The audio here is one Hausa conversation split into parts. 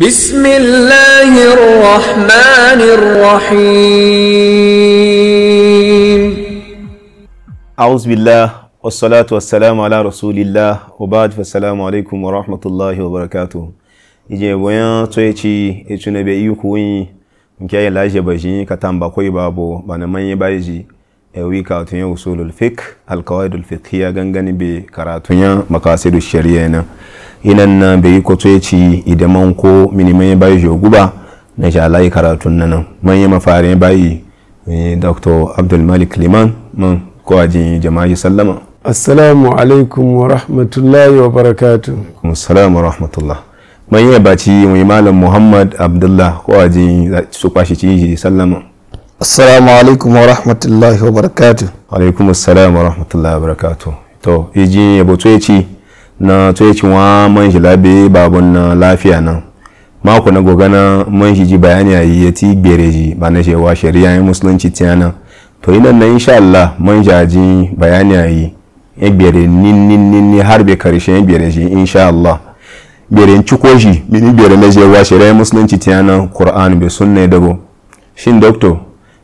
بسم الله الرحمن الرحيم أعوذ بالله والصلاة والسلام على رسول الله وبعد فالسلام عليكم ورحمة الله وبركاته إجي بوين تويتي إجي نبي إيوكوين مكيا لاجة بجين كتان باقوي بابو بانا مني بايجي أوي إيه، كاتوين وصول الفك القواعد الفقهية غنغاني بي كاراتوين مقاصد inan na bai ko to ci idan man ko minimai bai guba na sha Allah karatun nan man yi ya bai eh, Dr. Abdul Malik Liman man ko ajin jama'i sallama assalamu alaikum wa rahmatullahi wa barakatuh assalamu wa rahmatullah man yi baci mai malam Muhammad Abdullah ko ajin su kwashi ci sallama assalamu alaikum wa rahmatullahi wa barakatuh alaikum assalam wa rahmatullahi wa barakatuh to iji yabo to ya ci na tsoyacin wa man shi labe babun na lafiya nan mako na gogana man shi ji bayani a yi ya ti gbere ji ba na shewa shari'a ya musulunci tiyana to yi nan na insha Allah man jaji bayani a yi ya gbere nin nin nin har bai karshe ya gbere ji insha Allah gbere ciko shi mini gbere na shewa shari'a ya musulunci tiyana Qur'an bai sunna ya dago shin doctor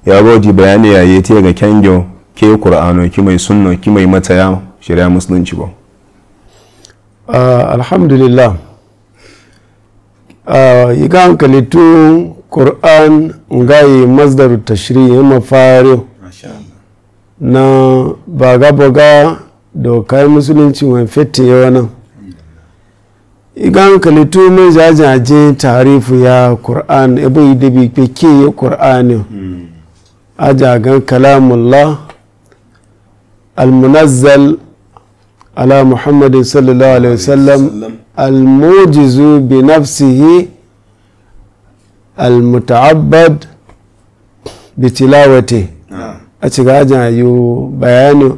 ya ji bayani a yi ta ga kyanjo ke Qur'ano ki mai sunna ki mai mataya shari'a musulunci ba Ah, alhamdulillah uh, ah, yi ga hankalitu ƙur'an ngayi mazdar tashiri ya mafari na baga-baga dokar musulunci wani fetin yawa nan yi ga tun mai jajaje tarifu ya ƙur'an ebe yi dabi peke ya ƙur'an hmm. ajagan kalamullah almunazzal على محمد صلى الله عليه وسلم الموجز بنفسه المتعبد بتلاوته a cikin ajin yi bayani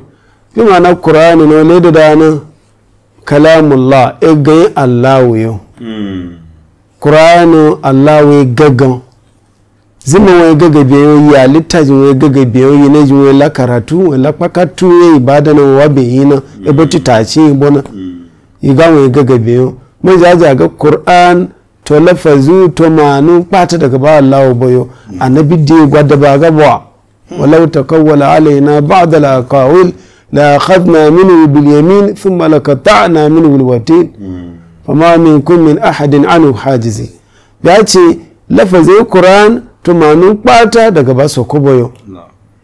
bi ma'ana ƙura'ani na wani da dana kalamullah egayin allahu yau ƙura'ani gaggan zima wai gaga beyoyi ya litta jin wai gaga beyoyi na jin wai la karatu wai la pakatu ya ibada na wa e beyi na ebo ti ta ci ibo na iga wai gaga beyo mun jaja ga qur'an to lafazu to manu pata daga ba Allah boyo mm. annabi de gwada ba ga ba mm. walau takawwala alaina ba'd al aqawil la akhadna minhu bil yamin thumma laqata'na minhu al watin mm. fama minkum min ahadin anhu hajizi ya ce lafazin qur'an tumanin kwata daga su kobo yo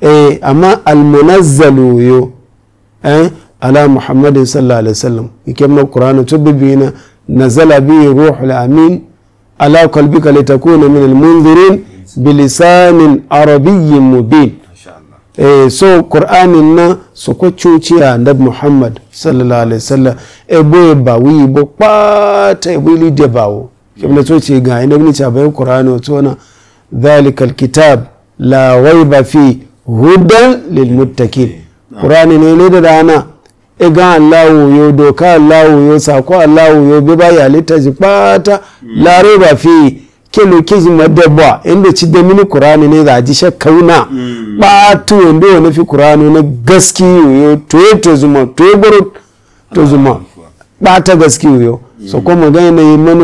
eh amma almunazzalu yo eh ala muhammadin sallallahu alaihi wasallam yake ma qur'ana tubbina nazala bi ruhul amin ala qalbika litakuna min almunzirin bilisanin arabiyyin mubin eh so qur'anin na so ko cuci annab muhammad sallallahu alaihi wasallam e boye ba wi bo kpata e wili de bawo kemna to ce ga inda ni ta bayan qur'ana to na ذلك الكتاب لا ريب فيه هدى للمتكين قرآن ne da rana الله Allahu الله doka Allahu يوبيبا sako Allahu لا ريب baya litaji fi kizi madabwa inda ci da mini Qur'ani ne za ji shakkauna batu inda wani fi Qur'ani na gaski yo to to zuma to goro to zuma bata gaski yo so ko magana ne bi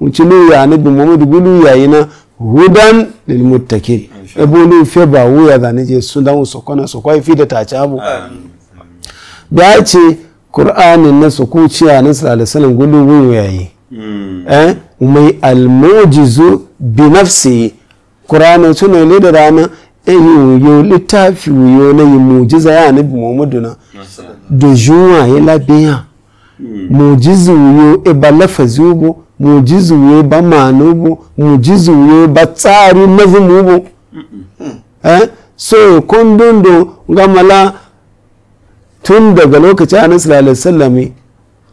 mu ci ya ne bi ya yi na hudan lil muttaqin ebolu fe ba wuya da nije je sun dan su kona su kai fi da ta ci abu da ce qur'anin na su kuciya na sallallahu alaihi wasallam gudu yayi hmm. eh mai almujizu bi nafsi qur'ana tuna ne da rana eyi eh, yo litafi yo na yi mujiza ya nabi muhammadu na do juwa ya labiya mujizi uyo eba lafazi ubo mujizi uyo eba uyo tsari mazimu eh so kundundo gamala tun daga lokaci anas sallallahu salami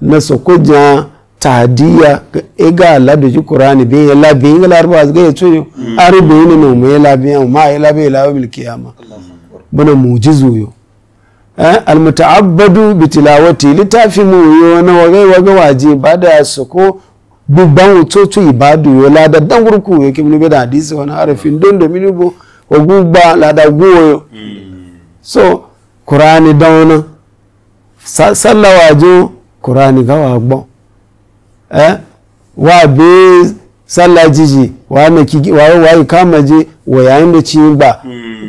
na sokoja tadiya ega ladu ji qur'ani be yalla be ngala arba ga yato hmm. ne no me yalla be ma yalla be yalla bil kiyama bana mujizu Eh? almutaabadu bitilawati litafi mu yo na wage wage waji ibada su ko gbugban ototo ibadu yo la da dan gurku yo ke mini beda hadisi wani harafin don domin bu ogugba la da goyo so qur'ani dauna sallah wajo qur'ani ga wa gbon eh wa be sallah jiji wa na ki wa wa kama je wa yayin da ci gba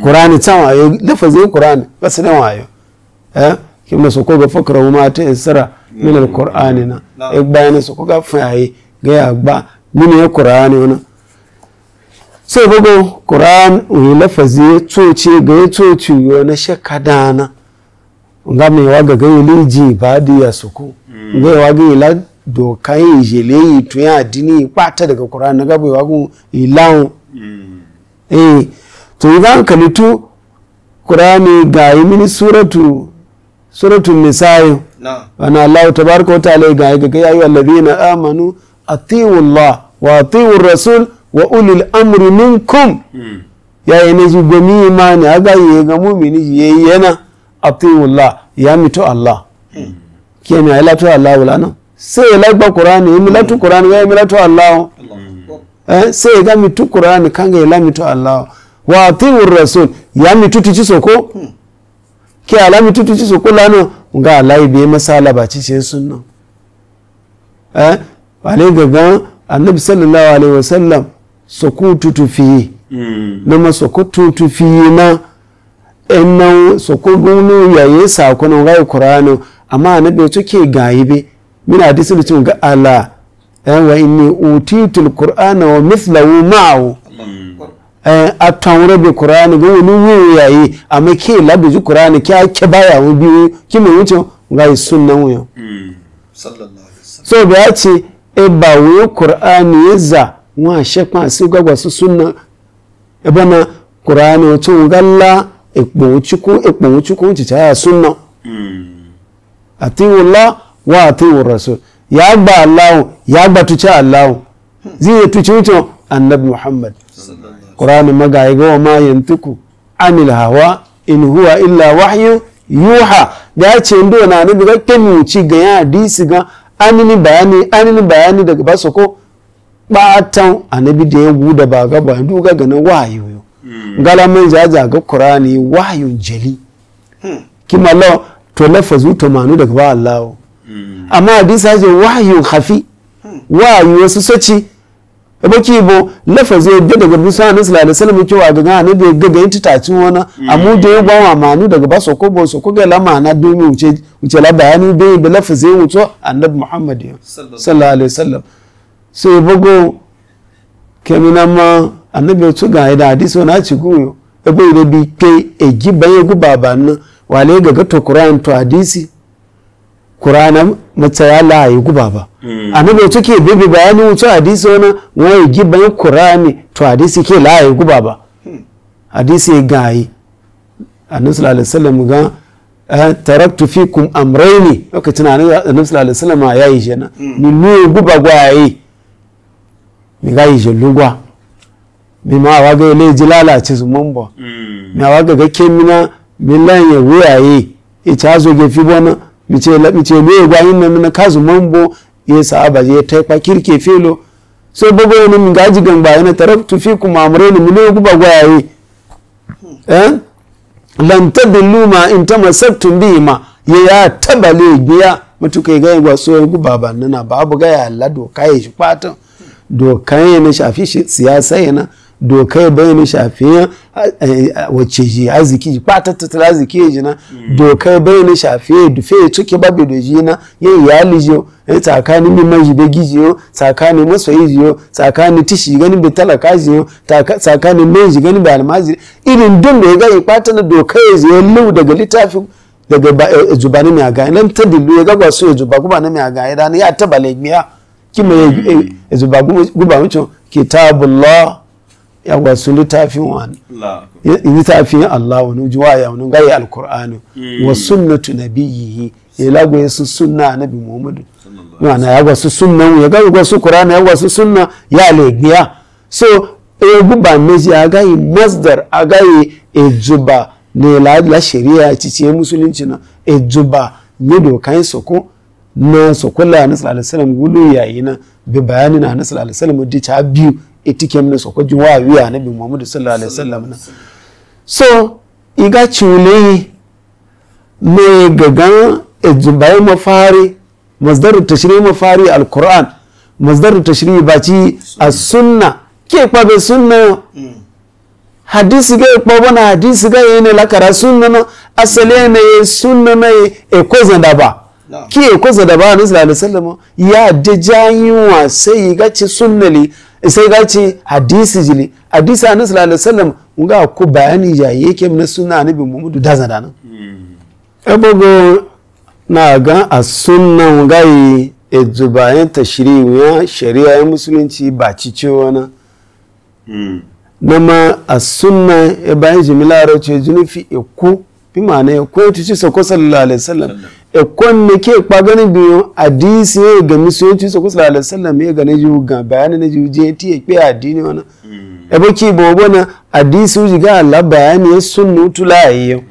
qur'ani tan wa lafazin qur'ani basu da wayo Eh? kimna so koga fakra ma ta isra min mm. alqur'ani na e bayana so koga fayi ga ya ba min ya qur'ani wana sai bugo qur'an uyi lafazi toce ga ya toci yo na shakadana nga me waga ga ba di ya suku wa mm. ga ila doka yi jele yi tun ya dini pata daga qur'an na gabo wagu ilawo mm. eh to ga kalitu qur'ani ga yi mini suratu suratul nisa'i ana Allah tabaraka wa ta'ala ga ga ya ayyuhal ladina amanu ati'u Allah wa atiiu rasul wa ulil amri minkum hmm. ya yi ne zu gomi imani aga yi ga mu'mini yi yana atiiu Allah hmm. ya mito Allah ne ya lato Allah wala nan sai ya lagba qur'ani ya milatu qur'ani ya milatu Allah hmm. eh sai ya ga mitu qur'ani kanga mi lamitu Allah wa atiiu rasul ya mitu ti soko kí alábi tútù tí sòkó lánàá nga aláìbí masala bàtí ṣe súnà eh wàlẹ́ gangan annabi sallallahu alaihi wasallam sòkó tútù hmm. na nama soko tutu fìyè na ẹnna sòkó ya yàyé sàkó na nga ìkùránù amma anabi tó ke gayi bi muna hadisi da ga ala ẹ eh, wa inni utitul qur'ana wa mithlahu ma'ahu Eh, atawuro bi kur'ani go ni wi yayi amma ke labi ju kur'ani ki ake baya wo bi ki me wuce ga sunna wo yo mm. sallallahu alaihi wasallam so bi ace e ba wo qur'ani yaza wa shepa si gbagba su sunna e bana qur'ani o to galla epo chuku epo chuku ti ta a mm. ati wula wa a ati rasul ya gba allah ya gba tuci allah hmm. zai tuci wuce annabi muhammad qur'ani magaigo ma yantiku anil hawa in huwa illa wahyu yuha ya ce ndo na ni daga kemi ci ga ya hadisi ga anini bayani anini bayani daga basu ko batan anabi da ya guda ba ga ba ndu ga ganin wahayu yo hmm. ngala jaja ga qur'ani wahayun jali hmm. kima lo to lafazu to manu daga ba Allah hmm. amma hadisi ya wahayun khafi wahayu wasu soci baki bo lafazi yadda daga musa na sallallahu da wasallam cewa daga ne da gaga yin titacin wani mm. amu da ya gwawa manu daga ba ko bo soko ga lama na wuce wuce la bayani bai da lafazi wuto annabi muhammad sallallahu alaihi wasallam sai bago kemina ma annabi to ga da hadisi wani ci guyo ebe da bi ke e guba ba nan wale gaga to qur'an to hadisi qur'ana ya la yi guba ba hmm. anabe tuke bibi bayani wuce hadisi wani wai giban kurani to hadisi ke la yi guba ba hadisi gayi annabi sallallahu alaihi wasallam ga eh, taraktu fikum amrayni lokacin annabi sallallahu alaihi wasallam ya yi jana hmm. ni lu guba gwaye mi ga yi jelugwa mi ma wa ga le jilala ci zumun ba hmm. mi wa ga ga kemina mi ya wuyaye ita zo ge fi bona bicela bicelo egwa nan mina kazu mambo yesa ya taifa kirke filo sai bobo ne min gaji ba yana taraktu fikum mu min guba gwaye eh lan tadillu ma in bi ma ya tabale biya mutuka ga gwaso ya guba ba babu ga ya Allah doka ya shi fatan doka yana shafi siyasa yana dokai bayani shafiyan wacce ji arziki ba ta tattara arziki ji na mm. dokai bayani shafiyan dufe ya tuke babu da ji na yin iyali ji ya tsakanin min maji da giji yo tsakanin masoyi ji yo tsakanin tishi ganin bi talaka ji yo tsakanin meji ganin bi almaji irin dun da ya ga ipata na dokai ji ya lau daga littafin daga eh, juba na mai aga nan ta dillu ya ga su ya juba guba na mai aga ya ya taba lagmiya kima ya juba guba wucin kitabullah yawa su littafin wani littafin Allah wani juwa ya wani gaya alkur'ani hmm. wa sunnatu nabiyyihi ya lagwaye su sunna nabi muhammadu wana ya gwasu sunna ya gaya gwasu kur'ani ya gwasu sunna ya legiya so egu ba meji agaghị masdar agaghị ejuba na la shari'a cikin musulunci na ejuba ne dokan soko na sokola na sallallahu alaihi wasallam gulu yayi na bi bayanin na sallallahu alaihi wasallam biyu etikem ne so ko wa wi anabi muhammadu sallallahu alaihi wasallam na so iga chule me gaga ejubai mafari masdar tashiri mafari alquran masdar tashri bati as-sunna ke be sunna hadisi ga kwa bana hadisi ga yene lakara sunna no asale ne sunna ne ekozan da ba ki ekozan da ba ne sallallahu alaihi wasallam ya de jayin wa sai ga ci sunnali sai ga ce hadisi jili hadisi a nasu lalata sallam ga ko bayani ya yake na suna anabi muhammadu da zana nan ebogo hmm. na ga a sunan gayi e zubayen ta tashiri ya shari'a ya musulunci ba ci wani na hmm. nama a suna ya e bayan jimila rauce junufi e ku. imana ya ko ti so ko sallallahu alaihi wasallam e kon ne ke pa gani bi hadisi e ga mi so ti so ko sallallahu alaihi wasallam e ga ne ju ga bayani ne ju je ti e pe adini wana hmm. e bo ki bo bo na hadisi ju ga la bayani e sunnu tulaye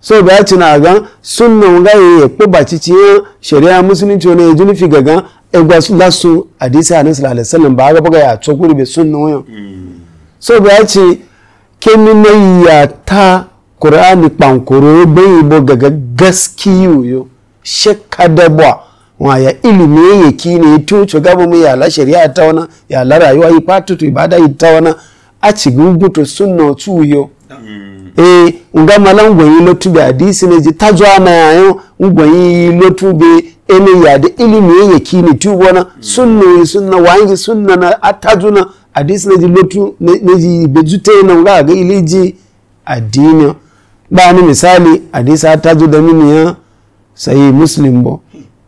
so ba ti na ga sunnu ga e pe ba ti ti sharia muslimi to ne ju ni fi gaga e gba la su hadisi anan sallallahu alaihi wasallam ba ga ba ga ya to kuri be sunnu yo hmm. so ba ti kemi ne ya ta alkur'ani kpankoro bai ibo gaga gaskiyu yo shekadabwa waya ilimi yeye kine to chogabu mu ya la sharia tawana ya la rayuwa yi patutu ibada yi tawana a gugu to sunna tu yo eh nga malan gwayi lotu bi hadisi ne ji tajwa na yo gwayi lotu bi ene ya da ilimi ki kine tu bona sunna sunna wangi sunna na atajuna hadisi ne ji lotu ne ji bejute na nga ga iliji adinyo ba ni misali hadisa ta zo da ya sayi muslim bo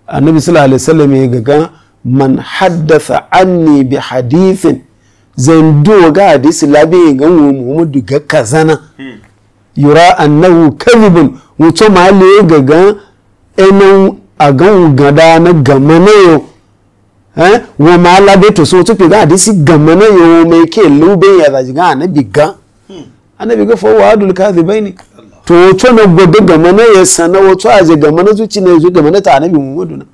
annabi sallallahu alaihi wasallam ya gaga man haddatha anni bi hadithin zan ga hadisi labi ga muhammadu ga kazana yura annahu kadhibun wato ma le gaga enan a gan gada na gamana yo yau eh? wa ma labe to so pe ga hadisi gamana yo yau mai ke lube ya zaji ga anabi ga hmm. anabi ga fọwọ́ adul kazi to wato na gobe gama na ya sana wato aje gama na zuci na yanzu gama na ta anabi muhammadu na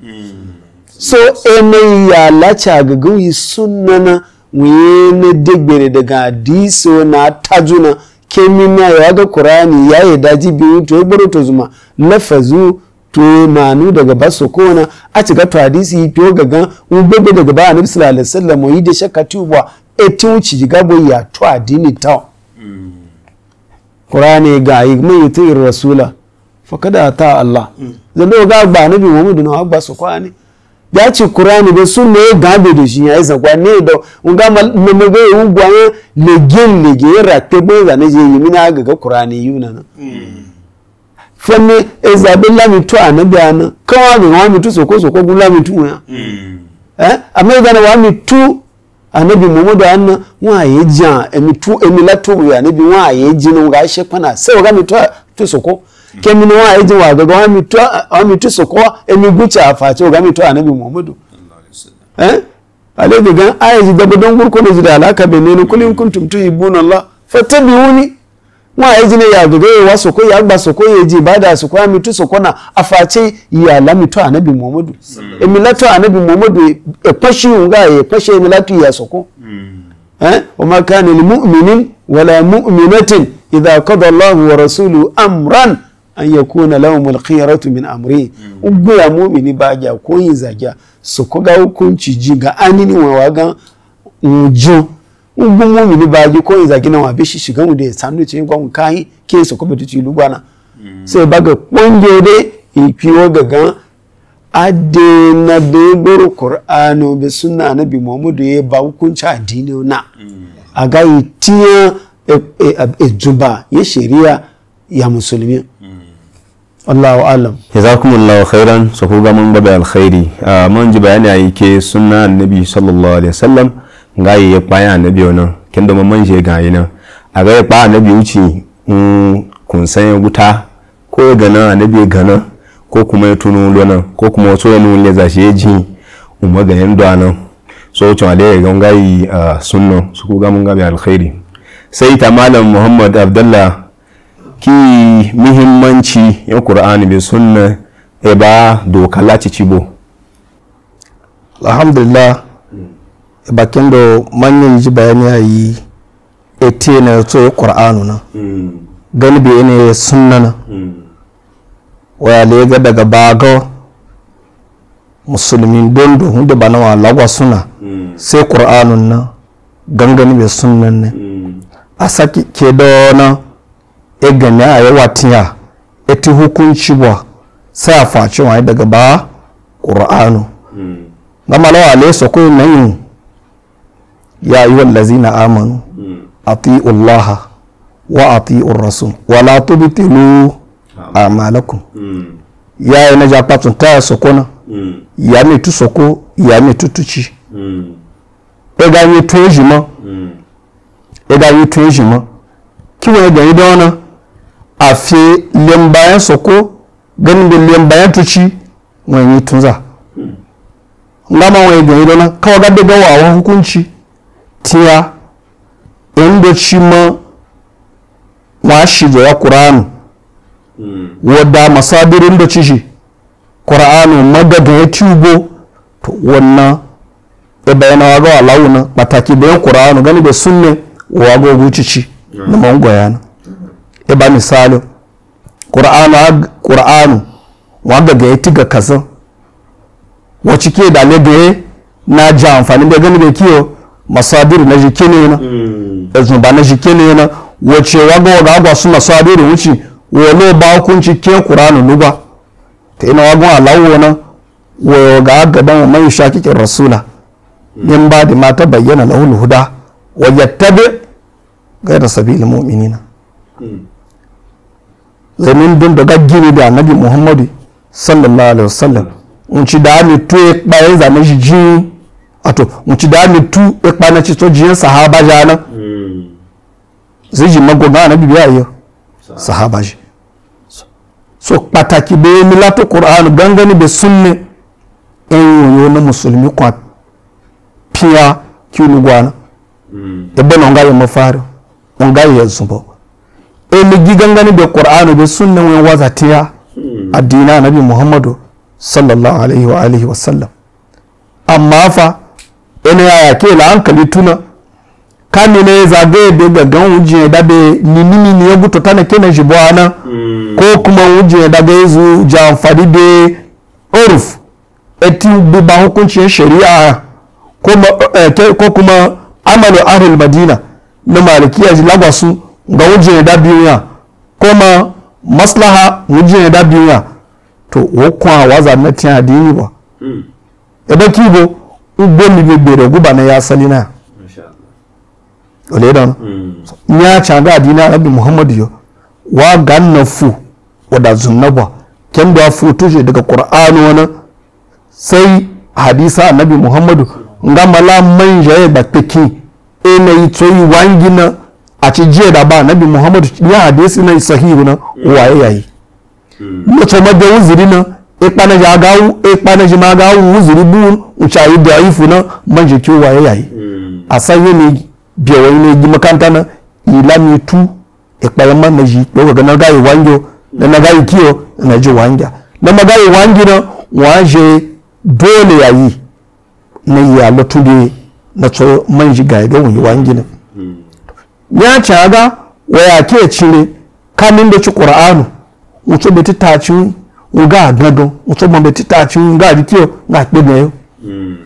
so mai ya lacha ga suna na wuye na digbere daga diso na tajuna kemina ya ga kurani ya yi daji biyu to ya baro to zuma lafazu to manu daga basu kona a cika to hadisi to gaga gbogbo daga ba anabi sallallahu alaihi wasallam yi da shakka tuwa etin wuci ga ya to adini tawo qur'ani gayi man yuti rasula fakada ta allah mm. zando ga gba nabi muhammadu na agba su kwani ya ci qur'ani be sunna ya gabe da shi ya isa kwani do nga mama ga yu gwa legen lege rate be za ne je yi mina ga ga qur'ani yuna na mm. fanni ezabe lami to anabi ana kawa ga wami tu soko soko tu ya mm. eh? anabi muhammadu anna wọn àyè jàn a tú ẹmi látòwì anabi wọn àyè jìnnà wọn àṣẹ na sẹ wọn àmì tó sọkọ kẹmi ni wọn àyè jìnnà wọn àgbẹgbẹ wọn àmì tó sọkọ ẹmi gúnchẹ àfàtì wọn àmì tó anabi muhammadu. alẹ́ gbẹ̀gán ayé ti gbẹgbẹ́ dọ́ngúrú kọ́ni ti dà alákàbẹ̀ nínú kúlínkùn tuntun ìbúnà lọ fẹ́tẹ́bi wúni. wa ezine ya gaga wa soko ya gba soko ya ji bada soko ya mitu soko na aface ya lamitu anabi muhammadu emilatu anabi muhammadu epashi unga epashi emilatu ya soko eh wa ma kana lil mu'minin wala mu'minatin idha kada Allahu wa rasuluhu amran an yakuna lahum min amri hmm. ugoya mu'mini baja ko yin soko ga hukunci ji anini wa ujo ni ba baji ko iza gina wa bishi shiga mu da sanu ce gwan kai ke so ko bitu ilu gwana sai baga kunge de ikiwo gaga ade na be goro qur'ano be sunna nabi muhammadu ye ba hukunci addini na aga itiya ejuba e, e, ye sharia ya musulmi Allahu alam. Jazakumullahu khairan, so ko ga mun babu alkhairi. Ah, mun ji bayani a ke sunna annabi sallallahu alaihi wasallam. nga yi ya kpa anabi ono kendo dama manje ga na a ya kpa anabi uchi mm kun san guta ko gana anabi gana ko kuma ya tunu lona ko kuma wato ya nuna za shi ji umma ga yan do nan so wucin ale ga nga yi sunno su ku ga mun ga bi alkhairi sai ta malam muhammad abdullah ki muhimmanci ya qur'ani bi sunna e ba dokala ci cibo alhamdulillah bakin da manyan ji bayani ya yi ete na so ya qur'anu na gani hmm. galibi ne sunna na hmm. waya lega daga bago musulmin dondo ba na wa lagwa suna hmm. sai qur'anun na gangani bai sunnan ne a saki ke na e gani a yawa tiya eti hukunci ba sai a faci wani daga ba qur'anu gama lawa le so ko nan ya yi wallazi na amanu ullaha wa a ati'ur urrasu wa la tubtilu a'malakum ya yi na japatun ta soko na ya mi tu soko ya mi tu tuci ega yi tu ejima ega yi tu ejima ki wani yi da wani a fi lembayan soko ganin da lembayan tuci wani yi tunza ngama wani gani da wani kawai gadda gawa a hukunci inda shi ma mwashizo ya Qur'an mm. wadda masabirin da cishi Qur'anu magaga ya tubo to wannan da bayana waga launa mataki bayan Qur'anu gani da sunne wago gucici yeah. Hmm. na mangoyana e ba misali Qur'anu Qur'anu waga ya tiga kaza wacike da ne na ji amfani da gani da kiyo masadir na jike ne na mm. ezun eh, ba na jike ne na wace waga waga agwa su masadir wuce wole ba hukunci ke qur'anu nuba ta ina wagon alawo na wa ga gaban mai shakikin rasula mm. min ba da mata bayyana lahul huda wa yattabi ghayra sabilil mu'minina mm. zamin dun da gaggini da annabi muhammadu sallallahu alaihi wasallam in ci da ne to ya bayan zane shi jini wato mu da ni tu e na ci to jiyan sahaba ja na hmm. zai ji mago na bibiya iyo sahaba ji so pataki bẹ́ẹ̀ mi látò Qur'an gangani ni bẹ́ẹ̀ sunni ẹ̀yin yóò na musulmi kwa pia kiwuni gwana mm. ebe na ngayi mafari ngayi ya zubo ẹ̀mi e gi gangani ni bẹ́ẹ̀ Qur'an bẹ́ẹ̀ sunni wọn waza tiya hmm. addina nabi muhammadu sallallahu alaihi wa alihi wa sallam amma fa ene ya ke la hankali tuna kani ne zage da gaggan wuje da be ni nimi ne ya gutu tana kene jibwana ko kuma wuje da be zu jamfari be urf eti bi ba hukuncin e shari'a kuma e, ko kuma amalu ahlul madina na malikiya lagwasu ga wuje da biyu ya kuma maslaha wuje da biyu ya to wakwa waza na tiya dini hmm. e ba ebe kibo ugbo mmiri gbere guba na ya asali na ole don hmm. nya changa adina rabbi muhammad yo wa ganna fu wada zunnaba ken da tuje daga qur'anu wana sai hadisa annabi muhammad nga mala manja ya bataki ina e itoyi wangina a ci jiya da ba annabi muhammad ya hadisi na sahihu na hmm. waye yayi hmm. mace madawun zuri ipanaja ga ipanaji ma ga wuzuri bu uchayi bi ayifu na manje ki waye yayi asanye ne biyo ni ji makanta na mi tu ipayan ma naji dogo ga na ga wanjo na na ga kiyo na ji wanja na ma ga wanji na waje dole yayi na ya lutude na tso manji ga do yi wanji na ya wa ya ke chire kanin da ci qur'anu mutu da ta nga adwado nso mo ta achi nga adikio nga akpedeyo mm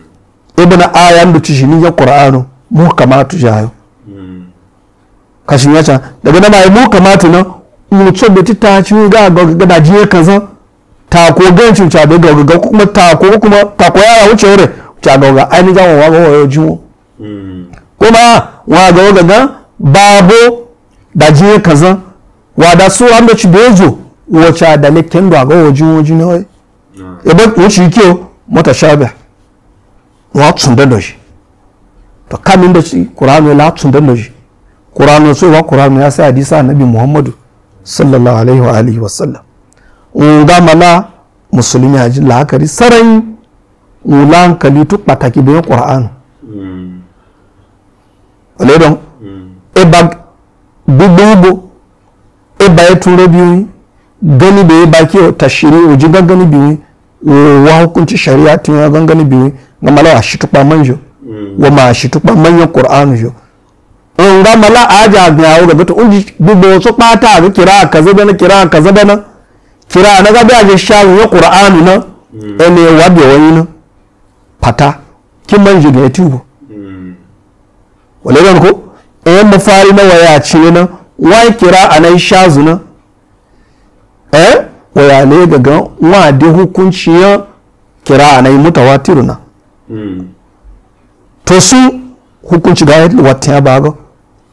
ebona aya ndo hmm. tishini ya qur'ano mu kama tujayo ya kashinyacha daga na bai mu na. tuno nso ta achi nga ga da jiye kaza ta ko gancin cha da ga ga kuma ta ko kuma ta ko ya wuce ore cha ga ga ai ni ga wa ga wa jiwo kuma wa ga ga babo da jiye kaza wa da su ando chibezo da dalekte ndo aga oji oji ni oye ah. ebe ochi ike o mota shabe wa tsunde doji to kamin da shi ne la tsunde doji qur'anu so wa qur'anu ya sai hadisa annabi muhammadu sallallahu alaihi wa alihi wa sallam nga mala musulmi haji la'akari sarai ulan hankali tu pataki bayan qur'anu ole hmm. don hmm. eba gbogbo igbo eba ya e turo biyu gani bai ba ke ta shiri oji gangani biyu wa hukunci shari'a tun ya gangani biyu ga mala a shitukpa manjo mm. wa ma shitukpa manyan qur'anu jo in ga mala aja ga yawo ga bata unji gbogbo so pata ga kira kaza dana kira kaza dana kira na ga biya shawo ya qur'anu na mm. ene wa bi wani na pata kin manjo da yatubu mm. wala ko eh mafari na waya ci ne na wai kira anai shazu na eh waya le gaga wa de hukunci ya kira na yi mutawatir hmm. to su hukunci ga yadda wata ya bago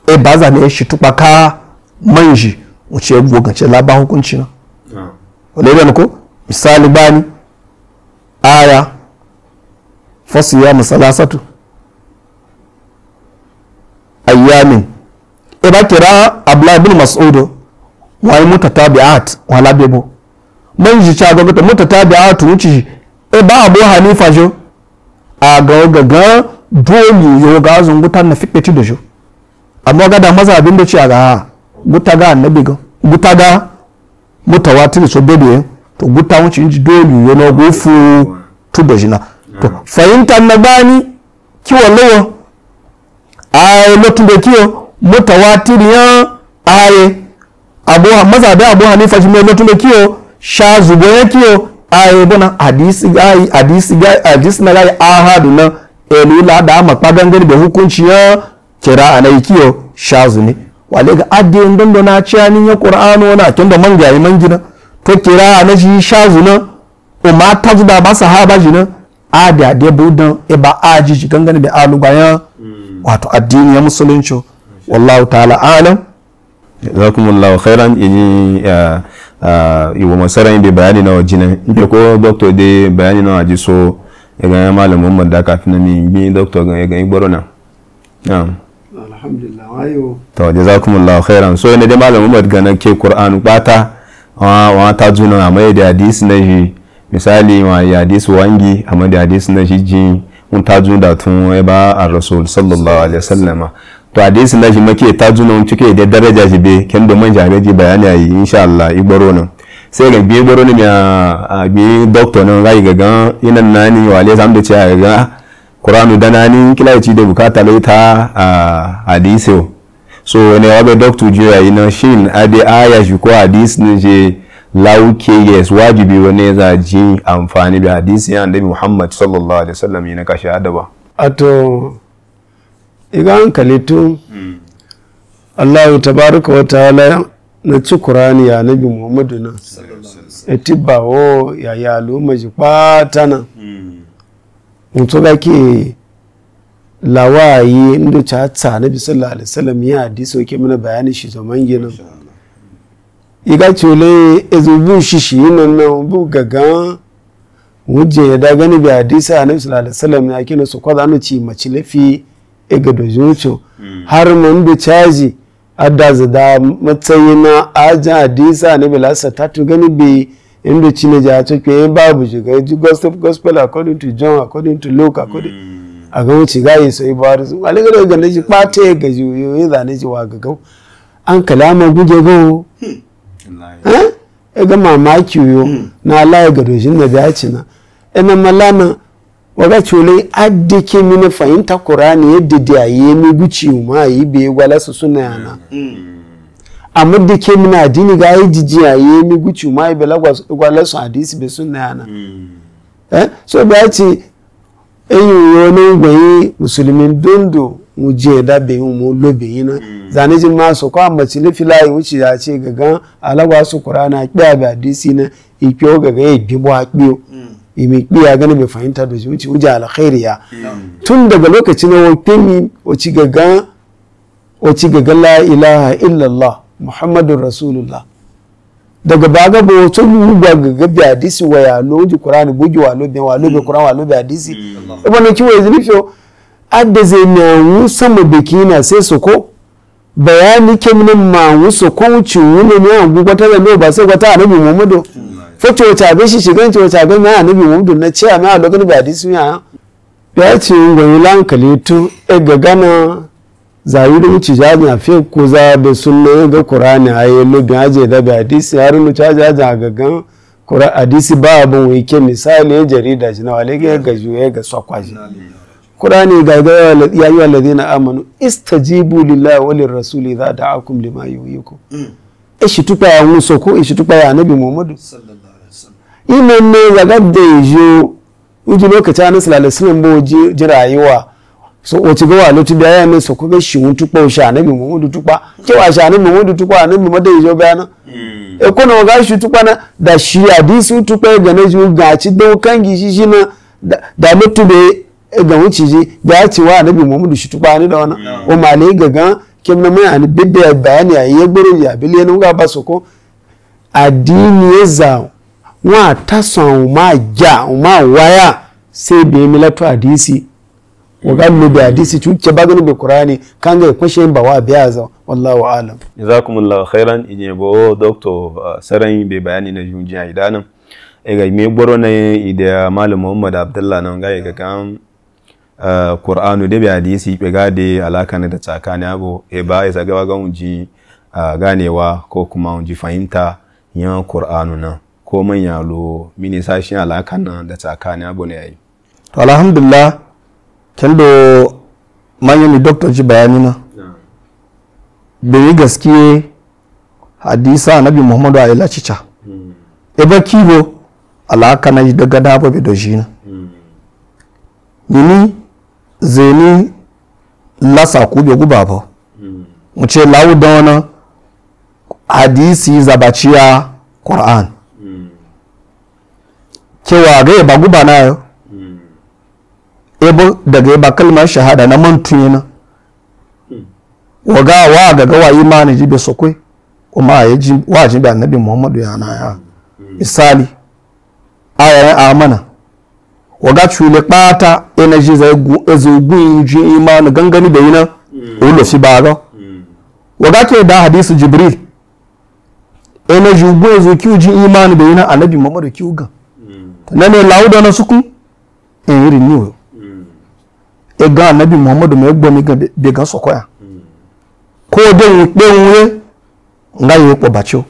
e ba za ne shi tuba ka manji wuce ya ce laba hukunci na ah. wale ne ko misali bani aya fasu ya masalasatu ayyamin e ba kira abla bin mas'udu waye wai mutatabi'at wala bebo man ji cha gogo mutatabi'at wuci e ba abu hanifa jo a ga gaga dole yo ga zunguta na fikke ci da jo amma ga da abin da ci ga guta ga annabi ga guta ga mutawatir so bebe to guta wuci ji dole yo na gofu tu da jina to fahimta na bani kiwon lawa a lotun da kiwo mutawatiriyan aye abu mazhabi abu hanifa shi melo tume kiyo sha zubo ya kiyo yi bona hadisi gai hadisi gai hadisi na gai ahadu na la da ma pagangan da hukunci ya kira anai kiyo sha zuni wale ga adin don na ciyanin ya qur'ano na kin da yi mangina to kira na shi sha zuna umma tajda ba sahaba jina ada da budan e ba ajiji gangan da alugaya hmm. wato addini ya musulunci wallahu ta'ala alam jazakumullahu khairan yi yaji iwo masara yin bai bayani na wajinan inda ko doctor dai bayani na waji so ya ganya malam muhammad da kafin na min bi doctor ga ya ganyi gbaro na alhamdulillah wayo to jazakumullahu khairan so ne dai malamin muhammad ga na ke qur'an bata wa ta juna amma da hadisi na shi misali wa ya hadisi wangi amma da hadisi na shi jin mun ta juna da tun ba ar-rasul sallallahu alaihi wasallama to hadisi na jimake ta juna cike da daraja jibe ken do man jare ji bayani yi insha Allah igboro nan sai ga biye gboro ne a bi doctor no ga ga gan ina nani wale sam da a ga Qur'anu da nani kila ci da bukata lai ta hadisi so ne wabe doctor ya yi na shin ade aya shi ko hadisi ne je lauke yes wajibi wani za ji amfani da hadisi ya annabi Muhammad sallallahu alaihi wasallam ne na kashi adaba ato iga hankali tun allahu tabaraka wa ta'ala na ci qur'ani ya nabi muhammadu na etibba o ya ya al'umma ji patana hmm. to ga ke lawayi inda ta ta nabi sallallahu alaihi wasallam ya hadisi ke mana bayani shi to na. iga cule ezubu shishi na na bu gaga wuje da gani bi hadisi nabi sallallahu alaihi wasallam ya kina su kwaza no ci mace lafi da zuciyo har mun bi caji adda zada matsayi na aji hadisa ne lasa ta tu gani bi inda ci ne ja to ke babu shiga gospel gospel according to john according to luke according hmm. a ga wuce ga yi sai ba su aligaro ga ne shi kwata ga juyo ya zane shi wa ga gau an kalama guje go hmm. eh ga mamaki yo hmm. na Allah ya gado shi na biya ci na ina malana waga chule adde ke mine fahimta qur'ani yadda da yayi mi guci ma yi be wala su suna yana amma da ke mine adini ga yi jiji yayi mi guci ma yi be wala su hadisi be suna yana eh so ba ci eyin wani no gbe musulmin dondo mu je da be mu lo lobe yina zane jin ma so ko amma ci lifila yi wuce ya ce gagan alagwa su qur'ana kiya be hadisi na ikyo gaga yi bibo akpio imi biya gani mai fahimta da zuci wuce alkhairiya tun daga lokacin na wakilmi wace gaga gaga la ilaha illallah muhammadun rasulullah daga baga wato to ba gaga bi hadisi wa ya loji qur'ani buji wa lobi wa lobi qur'an wa lobi hadisi mm. mm. e ki kiwo izini fio adda zai na wu sama kina sai su ko bayani kemnin ma wu su ko wuce wu ne ne an gugwata da ba sai gwata annabi muhammadu mm. fótó tàbí ṣìṣì gẹ́ǹtì tàbí máa níbi wùdù na ce a máa lokacin ba sí yàn. ya ce gwani lankali tun eh, ga gana da wuce jajin afe ko za da sunna eh, ga kurani a yi lobin aje da bi hadisi har nu caji aje a gan kura hadisi ba wai wike misali ya eh, jarida shi na wale ga ga juye ga sakwaji kurani ga ga ya yi wa ladina amanu istajibu lillahi wa lirrasuli za da'akum lima yuyikum mm. Eshi ishitupa ya soko eshi ishitupa ya annabi muhammadu ime ne zagar da ya zo uji lokaci ana sallallahu alaihi wasallam ji rayuwa so wace ga wa lotu da ya ne soko ko ga shi wun tupa shi annabi muhammadu tupa wa shi annabi muhammadu tupa annabi yi ya zo bayana hmm. e ko na ga shi tupa na da e shi hadisi tupa ya gane ju ga ci da kan gishi shi na da lotu da e ga wuci ji ga ci wa annabi muhammadu shi tupa ne da wani? Hmm. o male ga ga kimna yani bibbe bayani ya yegboro ya bile ni ga basoko adini za wa tasan ma ja ma waya sai be milatu wa waga mu bi hadisi tun ke bagani bi qur'ani kan ga kwashe ba wa biya za wallahu alam jazakumullahu khairan inye bo doctor uh, sarayi be bayani na junji idanan e ga me gboro na ide malam muhammad abdullahi nan ga ga kan Eh, qur'anu da be hadisi be gade alaka ne da tsakani abu e eh, ba isa ga ga unji eh, ganewa ko kuma unji fahimta yan qur'anu nan ko man yalo mini sashi alaka nan da tsakani abu ne yayi to alhamdulillah kendo manyan ni doctor ji bayani na yi gaskiye hadisa nabi muhammadu a ila cica hmm. ba kibo alaka na daga dabo be na hmm. nini zeni lasa kube guba ba hmm. mu ce lawu da wani hadisi zabaciya qur'an hmm. cewa ga ba guba na yau hmm. ebo daga ba kalmar shahada na mantun yana waga wa gawa imani ji be sokwe kuma ya ji wa ji da annabi muhammadu ya na ya misali ayayen amana waga cule kpata energy za ezogu inji imanu gangani da yina mm. ulo fi baga mm. waga ke da hadisu jibril energy ugu ezo kiuji imanu da yina anabi mamadu kiuga mm. nane lauda na suku en iri niwo ega anabi muhammadu mai gbani ga bega sokoya ko den wipe nwuye nga yi wipo bacho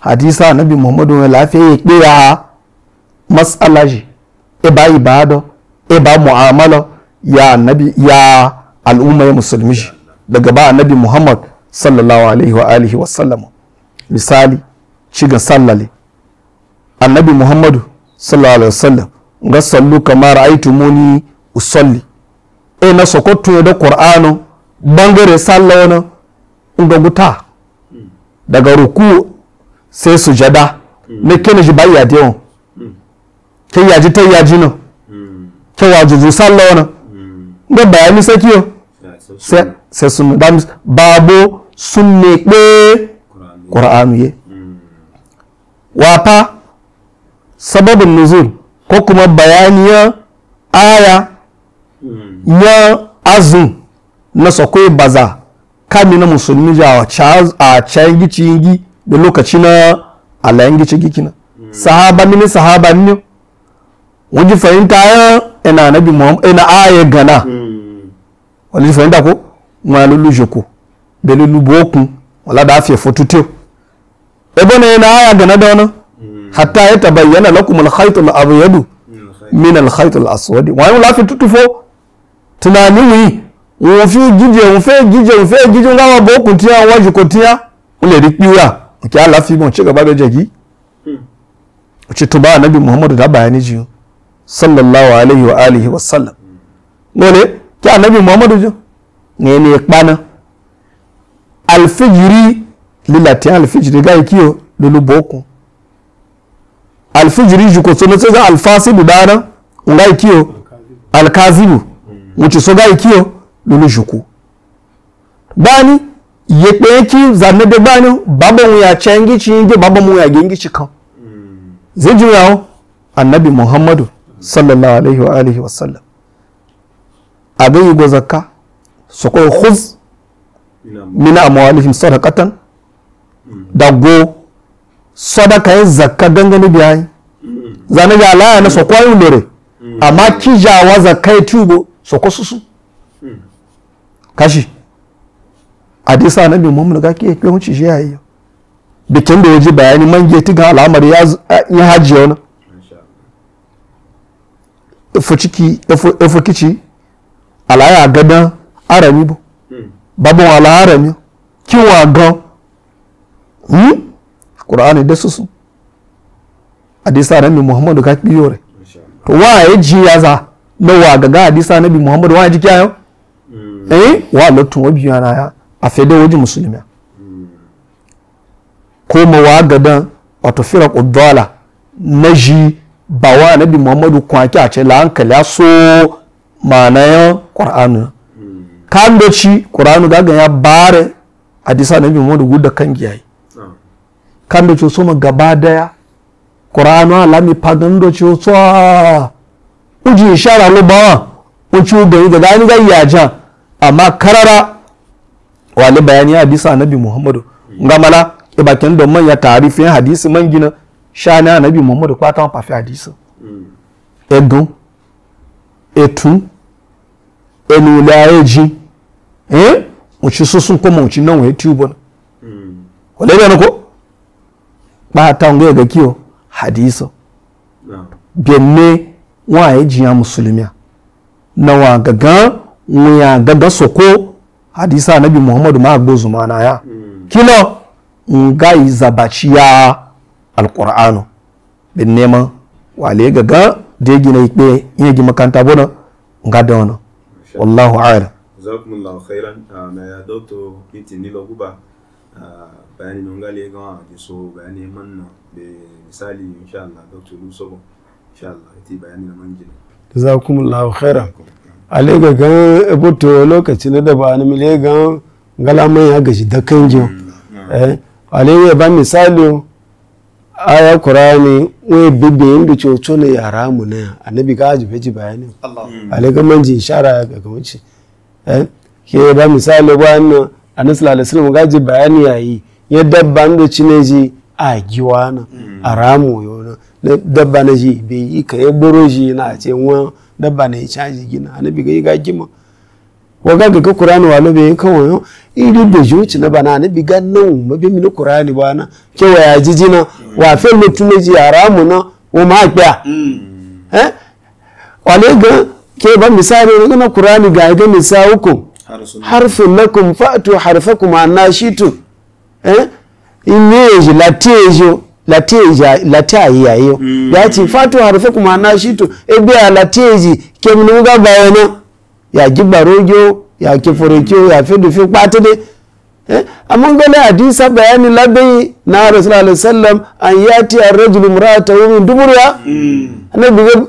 hadisa anabi muhammadu mai lafiya ya kpe ya matsalaji iba e ibada iba e mu'amala ya nabi ya al'umma musulmi daga ba nabi muhammad sallallahu alaihi wa alihi wa sallam misali shiga sallale annabi muhammadu sallallahu alaihi wa sallam ga sallu kamar muni usalli e na sokoto da qur'ano bangare sallah ga guta daga ruku sai sujada ne mm. kene ji da yawan tayyaji tayyaji no waje juju sallo no gbe ba ni saki ki o se se sunu ba babo sunne pe qur'anu ye wa fa sababun nuzul ko kuma bayaniya aya ya azun na sakwai baza kami na musulmi ja a can chingi da lokaci na alayen chigi kina sahaba ni sahaba ni wuji fahimta ya ina nabi muhammad ina aya gana hmm. wani fahimta ko wọn lulu joko da lulu bokun wala da afiya fotuteu ebe na ina aya gana da wani hmm. hatta ya tabayyana lakum al-khayt al-abyadu min al-khayt al-aswad wa yau lafi tutufo tunani wi wo fi gije wo fe gije wo fe gije ngawa bokun tiya waji ko tiya o le ri piwa ala fi mo che gaba be jagi? o tuba to ba nabi muhammad da bayani jiyo sallallahu alayhi wa alihi wa sallam nole ki Annabi muhammadu jo? ne ne kpana? alfijiri lilati tí alfijiri gáyé kí o lólobó okun alfijiri jù kò tó ló tẹ́sán alfasibu dáná gáyé kí alkazibu mu ci so ga kiyo lulu juku bani ye pe ki za ne de òun babo mu ya chengi ń gé bàbá òun yà gé ń gíchì kan zéjú yà Annabi muhammadu sallallahu alaihi wa alihi wa sallam abin yugo zakka su koyi khuz mina amwalihim sadaqatan da go sadaka yin zakka dangane da biyayi. zane ga alaya na sokwa yin lere amma kijawa zakka ya su sokwa susu kashi hadisa na bi muhammadu ga ke yawanci shi yayi bikin da ya ji bayani man geti ga al'amari ya hajiya wani ifo ciki ifo kici alaya gadan arami bo hmm. babon ala arami wa gan hmm qur'ani da susu hadisa nabi muhammadu ka biyo re to wa ya ji ya za na wa gaga hadisa nabi muhammadu wa ji kiyayo hmm. eh wa tun obi yana ya a fede waji musulmi hmm. ko ma wa gadan wato firaq ad-dala naji ba wa annabi muhammadu kwanki a ce la a so ma'anayan Kuranu. kan shi qur'anu ga ya bare hadisa annabi muhammadu guda kan giyayi kan doci so ma gaba daya qur'anu alami da doci so uji shara lo ba uci ubayi ga ni ga yaja amma karara wale bayani hadisa annabi muhammadu ngamala ibakin domin manya tarifin hadisi man gina ṣáàní ànábì Muhammad pátá wọn pàfẹ́ àdìsọ ẹ̀gán ẹ̀tún ẹnu ilẹ̀ ayé jin òtún sísun kọ́ mọ̀ òtún náà wọ́n etí ó bọ̀ náà ọ̀lẹ́ bẹ́ẹ̀ nìkọ́ pátá wọn kí o àdìsọ bẹ̀ẹ́ni wọn àyè jìyàn mùsùlùmí à náà wọn gàgán wọn yà gàgán sọ̀kọ́ àdìsọ ànábì Muhammad máa gbó zùmọ̀ àná yá kí lọ́ọ́ nga yi zabaciya alqur'anu bin nema wale gaga degi na ikpe yegi makanta bona nga da wana wallahu a'lam jazakumullahu khairan ah, na ya doctor kiti nilo guba ah, bayani no ngali ga de so bayani man na be misali insha Allah doctor lu so insha Allah ti bayani na manji jazakumullahu khairan ale ga ga boto lokaci ne da ba ni mile ga ngala mai ya gashi da kanjo mm, eh ale ya ba misali aya kurani we bibbe inda coco ne yara mu ne annabi ga ajibe ji bayanin alaga hmm. manji ishara ga eh ke ba misali ba annu annabi sallallahu alaihi wasallam ga ji bayani yayi ya dabba inda cine ji a giwana hmm. a ramu yona dabba na ji be yi ka yi boro ji na ce wani dabba na ya caji gina annabi ga yi ga gima waga ga qur'ani walo be kawo iri be juci na bana ne biga nan ma be mini qur'ani bana ke waya ya jijina wa fe ne tune ji na o ma gba hmm. eh wale ga ke ba misali ne na qur'ani ga ga misalukum harfun lakum fa'tu harfakum annashitu eh imeji latejo lateji latai yayo hmm. ya ci fatu harfakum annashitu ebe lateji ke mun ga bayana yajibarogyo ya kiforokyo ya fidufi patide eh, amman gane hadisa bayani labai na rasulullah alaihi sallam an yati a rajul murata wumin duburiya mm. ana biga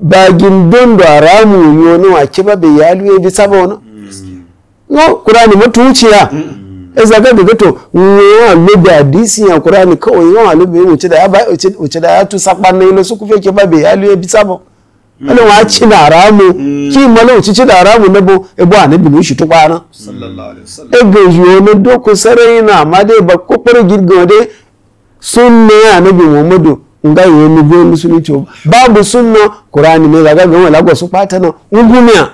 bagin don da ramu yo mm. no a kiba bai yalu luye bi sabo wani no kurani matuciya isa mm. ga daga to wa lobe hadisi ya kurani kawai wa lobe mu ci da ya ba uci da ya tu sakpan na ilo su kufe kiba bai yalu ya bi sabo. ọlọ́run á ci dàrá mu hmm. kí ìmọ̀lẹ́ òtí ci dàrá mu níbo ẹbọ ànábì ní oṣù tó paná. ne yìí olódókò sẹ́rẹ́ yìí náà àmàdé ìbá kópẹ́rẹ́ gidi gan dé súnmọ́ ànábì muhammadu nga yìí ní bí olùsùnì tó báàbù súnmọ́ kùránì ní ìlàgá gbẹ̀wọ̀n ìlàgbọ̀sùn pátá náà ń gún ní à.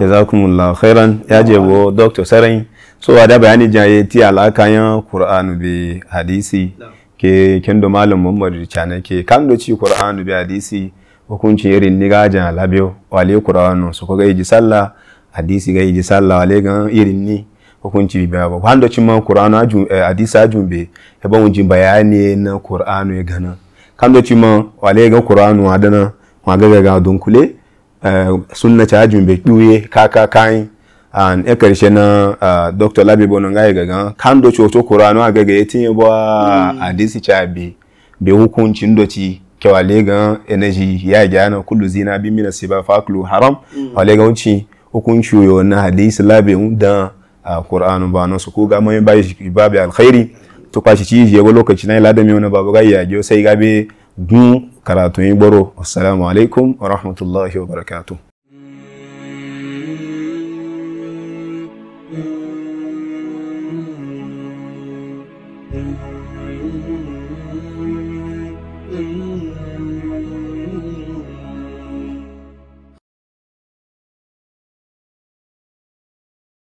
jazakumullahu khairan ya je wo doctor sẹ́rẹ́yìn so adá bayani jaye ti alaka yan bi hadisi. ke kendo malam muhammad chane ke kando ci qur'anu bi hadisi hukunci irin ni gajan labio wale qur'anu su ko gaiji sallah hadisi gaiji sallah wale gan irin ni hukunci bi ba kando ci ma qur'anu ajun eh, hadisi ajun be e ban jin bayani na qur'anu ya gana kando ci ma wale ga qur'anu adana ma ga ga dunkule eh, sunna ta ajun be duye kaka kain an ya karshe na ah, dr labi bonon ngai gaga kan do choto qur'ano agaga ya mm. bo a hadisi cha bi be hukunci doci kewa lega energy ya gyana kullu zina bi mina siba faklu haram mm. a lega wuce hukunci yo na hadisi labe da a kur'anu ba na su mai ga mai ba bi alkhairi to kwashi ci je go lokaci na ila da mi wani babu gaya gyo sai gabe dun karatun yin boro assalamu wa rahmatullahi wa barakatuh